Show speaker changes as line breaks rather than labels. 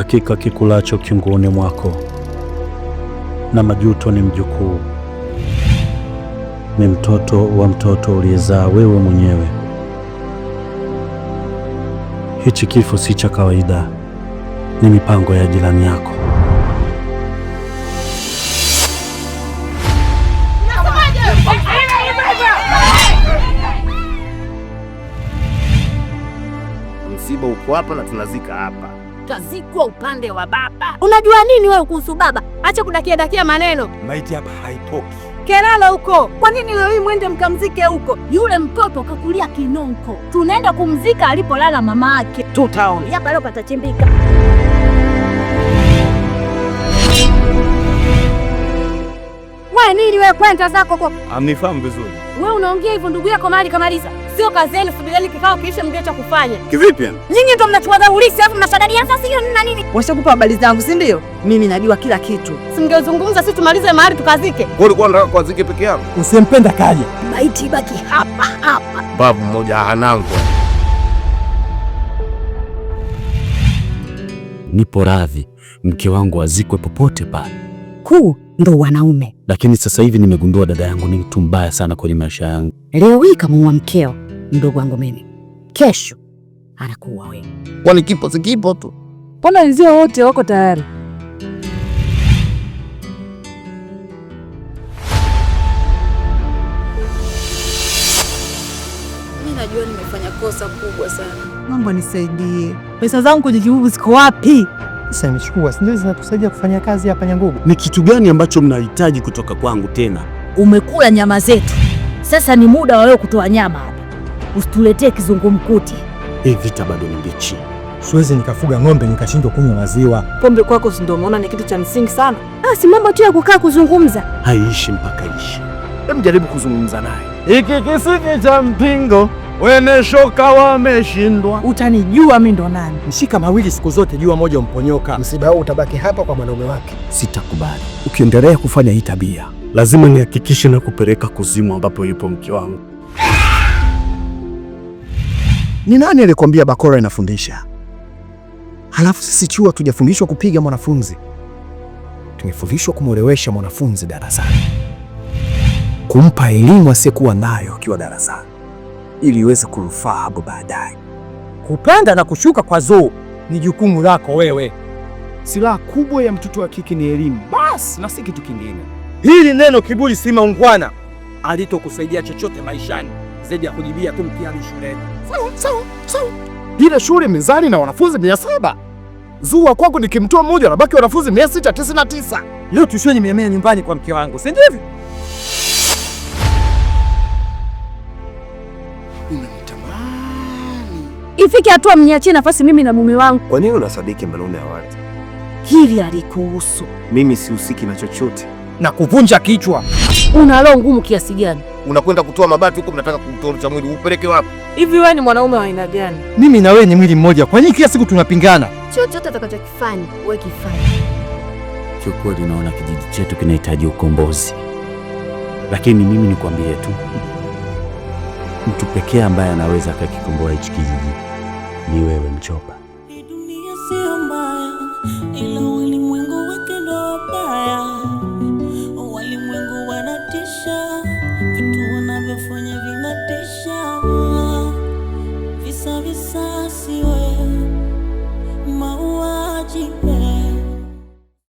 hakika kikulacho kingoni mwako, na majuto ni mjukuu, ni mtoto wa mtoto uliyezaa wewe mwenyewe. Hichi kifo si cha kawaida, ni mipango ya jirani yako.
Msiba uko hapa na tunazika hapa
utazikwa upande wa baba.
Unajua nini wewe kuhusu baba? Acha kudakia dakia maneno.
Maiti hapa haipoki
kelala huko. Kwa nini leo hii mwende mkamzike huko? Yule mtoto kakulia kinonko, tunaenda kumzika alipolala mama yake.
Tutaona
hapa leo patachimbika. Wewe nini wewe, kwenda zako kwa?
Amnifahamu vizuri.
Wewe unaongea hivyo ndugu yako mali kamaliza. Sio kazi yenu, subirini kikao kiishe mjue cha kufanya.
Kivipi yani?
Nyinyi ndio mnachuaga ulisi alafu mnashadania sasa hiyo nini na nini?
Washakupa habari zangu, si ndio? Mimi najua kila kitu.
Singezungumza sisi tumalize mahali tukazike.
Wewe ulikuwa unataka kuazike peke yako?
Usimpenda kaje.
Maiti baki hapa hapa.
Babu mmoja hanangu.
Nipo radhi mke wangu azikwe popote pale.
Kuu ndo wanaume
lakini sasa hivi nimegundua dada yangu ni mtu mbaya sana kwenye maisha yangu.
Leo hii kamuua mkeo mdogo wangu mimi, kesho anakuua wewe.
Kwani kipo si kipo tu,
mbona wenzio wote wako tayari?
Mimi najua nimefanya kosa kubwa sana,
naomba nisaidie, pesa zangu kwenye kivuvu ziko wapi?
amechukua ndio zinatusaidia kufanya kazi hapa Nyangugu.
Ni kitu gani ambacho mnahitaji kutoka kwangu tena?
Umekula nyama zetu, sasa ni muda wa wewe kutoa nyama hapa, usituletee kizungumkuti.
Hii vita bado ni mbichi.
Siwezi nikafuga ng'ombe nikashindwa kunywa maziwa.
Pombe kwako, si ndio umeona ni kitu cha msingi sana? Ah, si mambo tu ya kukaa kuzungumza,
haiishi mpaka ishi.
Hebu jaribu kuzungumza naye.
Hiki kisiki cha mpingo Wemeshoka wameshindwa.
Utanijua mi ndo nani?
Mshika mawili siku zote, jua moja umponyoka.
Msiba huu utabaki hapa kwa mwanaume wake.
Sitakubali ukiendelea kufanya hii tabia. Lazima nihakikishe na kupeleka kuzimu ambapo yupo mke wangu. Ni nani alikwambia bakora inafundisha? Halafu sisi chuo tujafundishwa kupiga mwanafunzi, tumefundishwa kumwelewesha mwanafunzi darasani, kumpa elimu asiyekuwa nayo akiwa darasani ili iweze kurufaa hapo baadaye.
Kupanda na kushuka kwa zoo ni jukumu lako wewe.
Silaha kubwa ya mtoto wa kike ni elimu, basi na si kitu kingine.
Hili neno kiburi si maungwana, alitokusaidia chochote maishani zaidi ya kujibia tu mtihani shuleni. Sawa sawa
sawa. Ile shule mezani na wanafunzi mia saba zua kwako, nikimtoa mmoja anabaki wanafunzi mia sita tisini na tisa. Leo tuishie mia mia nyumbani kwa mke wangu, si ndivyo?
unanitamani
ifike hatua mniachie nafasi mimi na mume wangu.
Kwa nini unasadiki maneno ya watu?
Hili alikuhusu
mimi, sihusiki na chochote
na kuvunja kichwa. Una roho ngumu kiasi gani?
Unakwenda kutoa mabati huko, mnataka kutorcha mwili upeleke wapi?
Hivi wewe ni mwanaume wa aina gani?
Mimi na wewe ni mwili mmoja, kwa nini kila siku tunapingana?
Chochote atakachokifanya wewe kifanye.
Kiukweli naona kijiji chetu kinahitaji ukombozi, lakini mimi nikwambie tu mtu pekee ambaye anaweza akakikomboa hichi kijiji ni wewe Mchopa.